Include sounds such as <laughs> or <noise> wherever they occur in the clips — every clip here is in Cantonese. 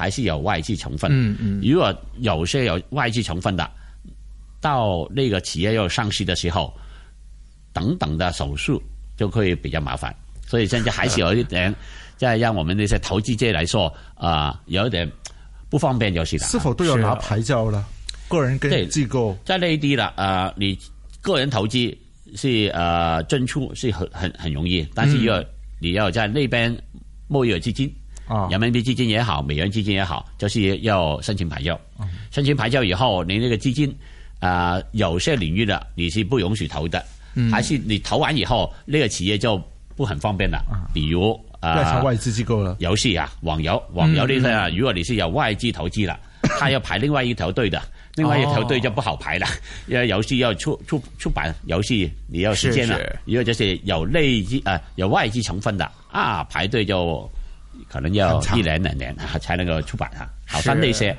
還是有外資成分。嗯嗯、如果有些有外資成分的，到那個企業要上市的時候，等等的手續就可以比較麻煩。所以現在還是有一點，再讓讓我們那些投資者來說，啊、呃，有一點不方便就是。是否都要拿牌照了？的個人跟機構在內地了，啊、呃，你個人投資是啊進、呃、出是很很很容易，但是要、嗯、你要在那邊募集資金。人民幣基金也好，美元基金也好，就是要申請牌照。Oh. 申請牌照以後，你那個基金啊、呃，有些領域的你是不允許投的，嗯、還是你投完以後那、這個企業就不很方便了。比如啊，呃、外資機構了，遊戲啊，網遊網遊呢啲啊，嗯、如果你是有外資投資了，他、嗯、要排另外一條隊的， <laughs> 另外一條隊就不好排了。Oh. 因為遊戲要出出出版遊戲，你要時間了，如果是就是有內資啊，有外資成分的啊，排隊就。可能要一兩年，長年，年才能夠出版啊，好像那些。是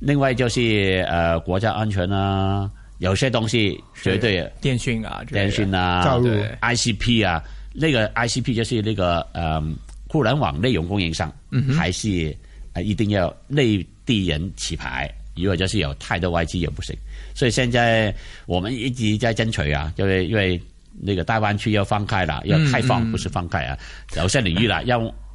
另外就是呃國家安全啊，有些東西絕對電訊啊、電訊啊、加入對 ICP 啊，那個 ICP 就是那個呃互聯網內容供應商，嗯、哼還是一定要內地人起牌。如果就是有太多外資也不行，所以現在我們一直在爭取啊，因、就、為、是、因為那個大灣區要放開了，要開放嗯嗯不是放開啊，有些領域啦、啊、要。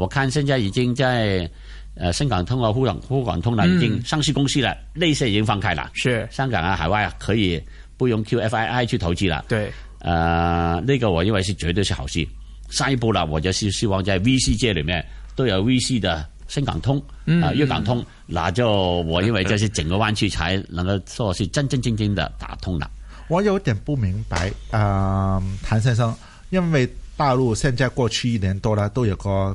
我看現在已經在，呃，深港通和滬港滬港通了，已經上市公司了，利息，嗯、已經放開了，是香港啊，海外啊可以不用 QFII 去投資了。對，呃，呢，那個我認為是絕對是好事。下一步呢，我就是希望在 VC 界裏面都有 VC 的深港通啊，嗯呃，粵港通，嗯，那就我認為這是整個灣區才能夠說是真真正正的打通了。我有點不明白，啊，呃，譚先生，因為大陸現在過去一年多啦，都有個。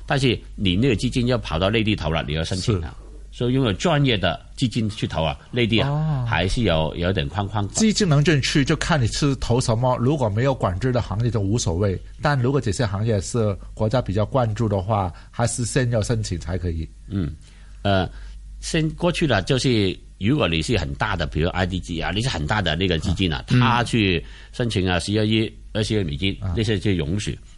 但是你那個基金要跑到內地投了，你要申請了。是所以擁有專業的基金去投啊，內地啊，還是有、哦、有點框框框。基金能進去就看你是投什麼，如果沒有管制的行業都無所謂，但如果這些行業是國家比較關注的話，還是先要申請才可以。嗯，呃，先過去了。就是如果你是很大的，比如 IDG 啊，你是很大的那個基金啊，嗯、他去申請啊是 s 一二十 e 美金，那、嗯、些就允許。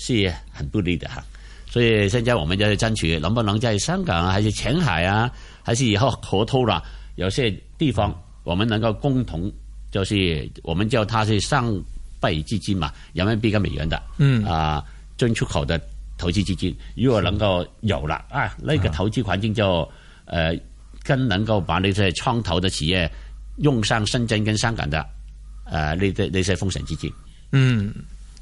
是很不利的哈，啊，所以現在我們就是爭取，能不能在香港啊，還是前海啊，還是以後河套啦，啊，有些地方，我們能夠共同，就是我們叫它是雙幣基金嘛，人民幣跟美元的，嗯，啊，進出口的投資基金，如果能夠有了啊是，哎，那個投資環境就，呃更能夠把那些創投的企業用上深圳跟香港的，呃那啲些風險基金，嗯。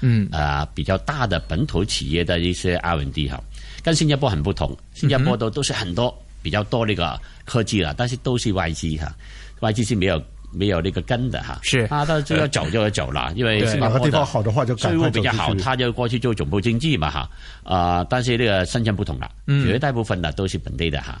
嗯，啊、呃，比較大的本土企業的一些 R&D 哈，跟新加坡很不同，新加坡都都是很多比較多呢個科技嘅，但是都是外資哈，外資是沒有沒有那個根的哈，是，啊，到最後走就要走了，因為哪對個地方好的話就，對，做得比較好，他就過去做總部經濟嘛哈，啊、呃，但是那個深圳不同了，嗯，絕大部分呢都是本地的哈。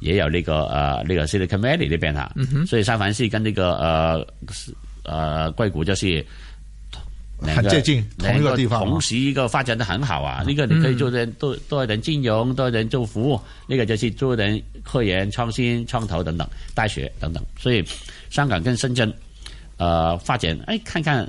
也有呢、那個呃呢、那個 city committee 那邊啊，所以三藩市跟呢、那個呃呃硅谷就是很接近同一個地方，同時一個發展的很好啊。呢、嗯、個你可以做點多多一點金融，多啲做服務，呢、那個就是做點科研、創新、創投等等、大學等等。所以香港跟深圳呃發展，哎，看看。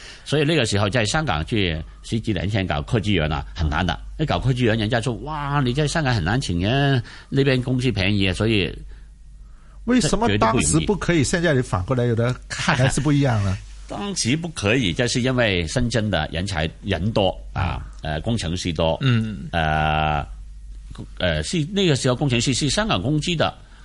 所以那個時候在香港，去十幾年前搞科技園了，很難的。那搞科技園，人家說，哇，你在香港很難請人，那邊工資便宜。所以為什麼當時不可以，現在你反過來有的看還是不一樣呢 <laughs> 當時不可以，就是因為深圳的人才人多啊，嗯呃、工程師多。嗯嗯，呃，是那個時候工程師是香港工資的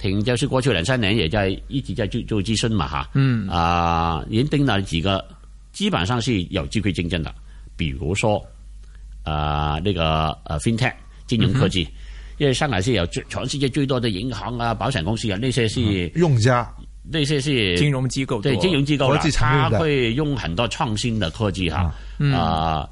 停，聽就是過去兩三年也在一直在做做諮詢嘛哈，嗯，啊、呃，已經定了幾個，基本上是有機會競爭的，比如說，呃那個、啊呢個呃 FinTech 金融科技，嗯、哼因為上海市有全世界最多的銀行啊、保險公司啊，那些是、嗯、用家，那些是金融機構，對金融機構的，佢會用很多創新的科技哈。啊、嗯。呃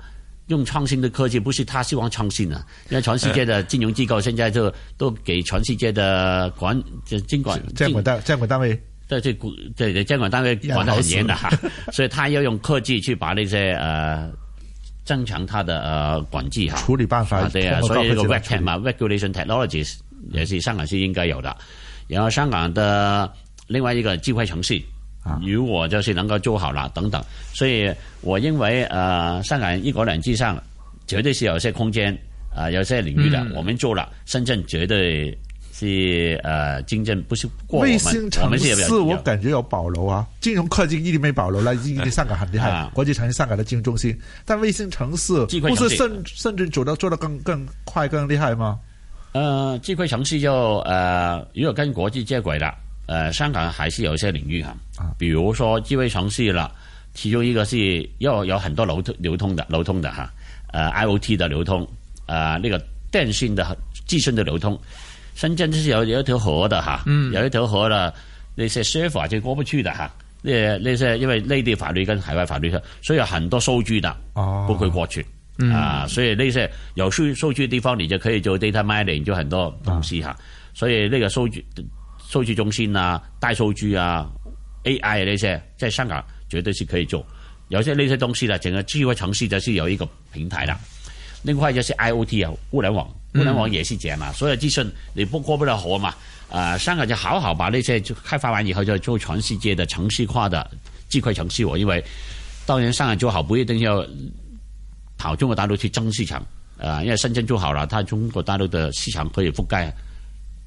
用創新的科技，不是他希望創新的、啊、因為全世界的金融機構現在都都給全世界的管，監誒進管監管單監管單位，即係監管單位管得很嚴啦， <laughs> 所以他要用科技去把那些呃增強他的呃管制吓處理辦法，啊對啊，技處理所以這個 web tech 嘛，理，regulation technologies 也是香港是應該有的。然後香港的另外一個智慧城市。如果就是能夠做好啦，等等，所以我認為呃，呃香港一國兩制上絕對是有些空間，呃，有些領域的，嗯、我們做了，深圳絕對是，呃，競爭不是不過我們，衛星城市我，是我感覺有保留啊，金融科技一定沒保留啦，一定香港很厲害，啊、國際城市上海的金融中心，但衛星城市不是深深圳走得做得更更快更厲害嗎？呃，智慧城市就呃，如果跟國際接軌了。呃香港還是有些領域哈、啊啊、比如說智慧城市啦，其中一個是又有很多流通流通的流通的哈，呃、啊、IOT 的流通，誒、啊、那個電信的資訊的流通。深圳就是有一、啊嗯、有一條河的嚇，有一條河的那些司法就過不去的哈，那呢些因為內地法律跟海外法律，所以有很多數據的，唔可以過去。哦、啊，嗯、所以那些有數據地方，你就可以做 data mining 做很多東西哈，所以那個數據數據中心啊，大數據啊，AI 那些，在香港絕對是可以做。有些那些東西呢、啊，整個智慧城市就是有一個平台啦。另外就是 IOT 啊，互聯網，互聯網也是這樣嘛。嗯、所有資訊你不過不了河嘛？啊、呃，香港就好好把那些就開發完以後就做全世界的城市化的智慧城市。我因為當然上海做好不一定要跑中國大陸去爭市場，啊、呃，因為深圳做好啦，它中國大陸的市場可以覆蓋。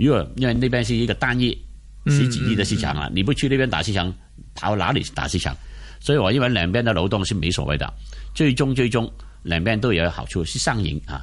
因為因為那邊是一個單一十幾億的市場啊，嗯嗯、你不去那邊打市場，跑哪裏打市場？所以我認為兩邊的流動是沒所謂的，最終最終兩邊都有好處，是雙贏啊。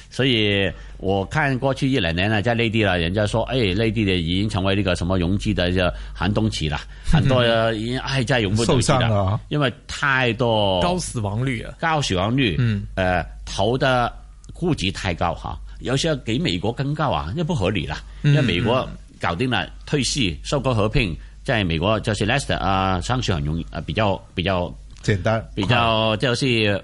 所以，我看過去一兩年呢，在內地呢，人家說，誒、哎，內地的已經成為那個什麼融資的個寒冬期了，很多人已經係真係融不到了，嗯、受了，因為太多高死亡率，啊、高死亡率，嗯、呃，投的估值太高哈，有時候比美國更高啊，又不合理了，因為美國搞掂了退市、收購和平、合併，即係美國就是 last 啊、呃，上市很容易啊，比較比較簡單，比較就是。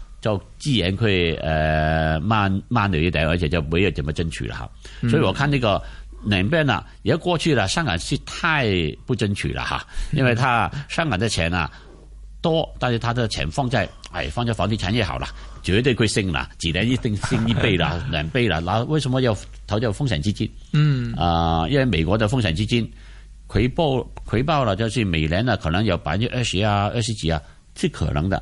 就自然佢誒、呃、慢慢了一點而且就冇有怎麼爭取啦嚇。嗯、所以我看個呢個兩邊呢，而家過去了，香港是太不爭取了哈，因為他香港嘅錢啊多，但是他的錢放在哎放在房地產業也好了，絕對會升了，幾年一定升一倍了兩 <laughs> 倍了然那為什麼要投到風險基金？嗯啊、呃，因為美國的風險基金，回報回報了就是每年呢可能有百分之二十啊、二十幾啊，是可能的。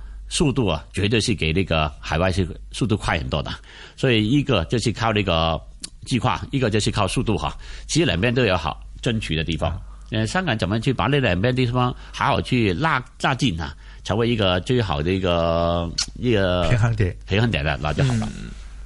速度啊，絕對是比那個海外是速度快很多的，所以一個就是靠那個計劃，一個就是靠速度哈。其實兩邊都有好爭取的地方，嗯，香港怎麼去把那兩邊地方好好去拉拉近啊，成為一個最好的一個一個平衡點，平衡點的那就好了。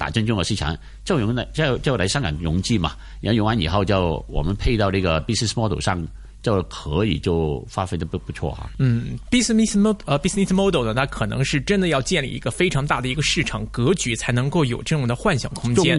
打進中國市場，就融就就嚟香港融資嘛，然後融完以後，就我們配到這個 business model 上就可以就發揮得不不錯嚇。嗯，business model 呃 business model 呢，它可能是真的要建立一個非常大的一個市場格局，才能夠有這種的幻想空間。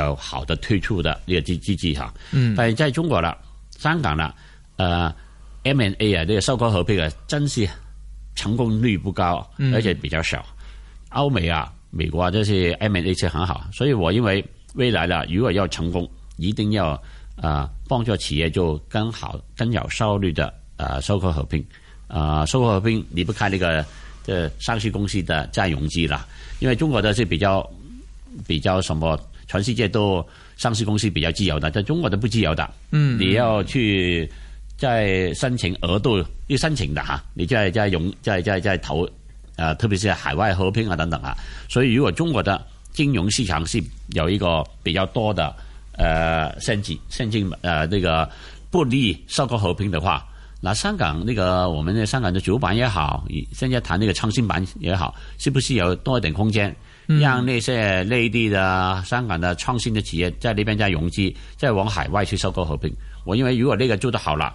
有好的推出的呢、這個機機金哈，嗯、但是在中國啦、香港啦，呃 M&A 啊這個收購合併啊，真是成功率不高，而且比較少。嗯、歐美啊、美國啊，這些 M&A 是很好。所以我認為未來呢，如果要成功，一定要啊、呃、幫助企業就更好、更有效率的啊收購合併。啊、呃，收購合併、呃、離不開那個這上市公司的再融資啦，因為中國的是比較比較什麼。全世界都上市公司比較自由的，但中國都不自由的。嗯，你要去再申請額度要申請的哈。你再再融再再再投，呃，特別是海外合併啊等等啊。所以如果中國的金融市場是有一個比較多的呃限制限制，呃，那個不利收購合併的話，那香港那個我們的香港的主板也好，現在談那個創新板也好，是不是有多一點空間？讓那些內地的、香港的創新的企業在那邊再融資，再往海外去收購合併。我認為如果那個做得好了，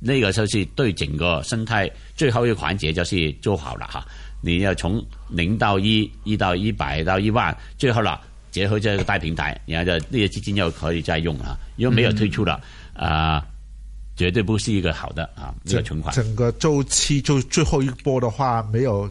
那個就是對整個生態最後一個環節就是做好了哈。你要從零到一，一到一百，到一萬，最後了結合這個大平台，然後就那個資金又可以再用。因為沒有退出了，啊、嗯呃，絕對不是一個好的啊，一、這個存款整。整個周期就最後一波的話，沒有。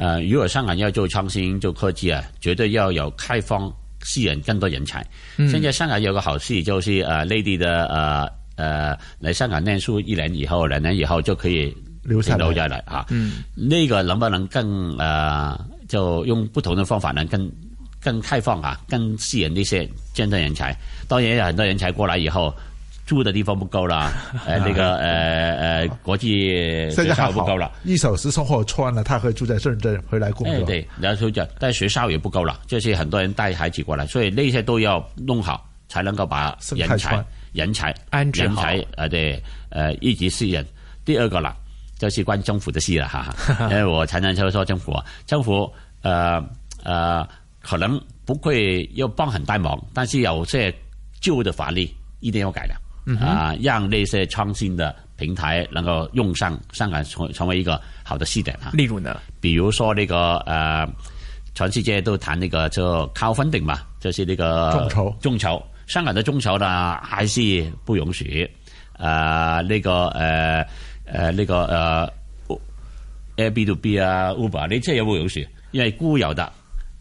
呃，如果香港要做創新做科技啊，絕對要有開放，吸引更多人才。嗯、現在香港有個好事，就是呃內地的呃呃來香港念書，一年以後，兩年以後就可以留下來留下來啊。嗯，那個能不能更呃就用不同的方法呢，能更更開放啊，更吸引那些真正人才。當然，有很多人才過來以後。住的地方不夠啦，誒，呢個呃誒 <laughs> 國際，學校不夠啦，一手是送貨穿啦，他會住在深圳，回來工作。對，然後就但學校也不夠啦， <laughs> 就是很多人帶孩子過來，所以那些都要弄好，才能夠把人才、人才財、Andrew 人才誒、呃、對，誒、呃、一級師人。第二個啦，就是關政府的事啦，哈，哈， <laughs> 因為我常常都說政府，政府誒誒、呃呃、可能不會要幫很大忙，但是有些舊的法律一定要改啦。嗯、啊，讓那些創新的平台能夠用上香港成成為一個好的試點啊。例如呢，比如說呢、這個誒、呃，全世界都談呢、那個叫 crowdfunding 嘛，就是呢、這個眾籌，眾籌香港的眾籌呢，還是不允許。啊，呢、這個誒誒呢個誒、呃、A B to B 啊，Uber 你即係有冇容許？因為固有的。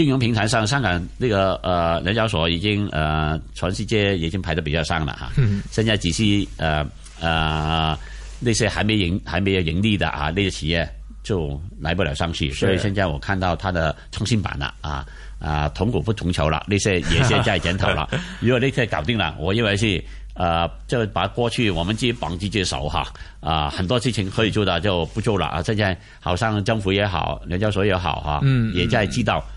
金融平台上，香港那個呃，聯交所已經呃，全世界已經排得比較上了。哈，嗯，現在只是呃，呃，那些還沒盈、還沒有盈利的啊，那些企業就來不了上市。是所以現在我看到它的創新版了啊啊，同股不同籌了，那些也現在檢討了。 <laughs> 如果那天搞定了，我認為是呃，就把過去我們自己綁住隻手哈，啊，很多事情可以做的就不做了啊。現在好像政府也好，聯交所也好，嗯、啊、也在知道。嗯嗯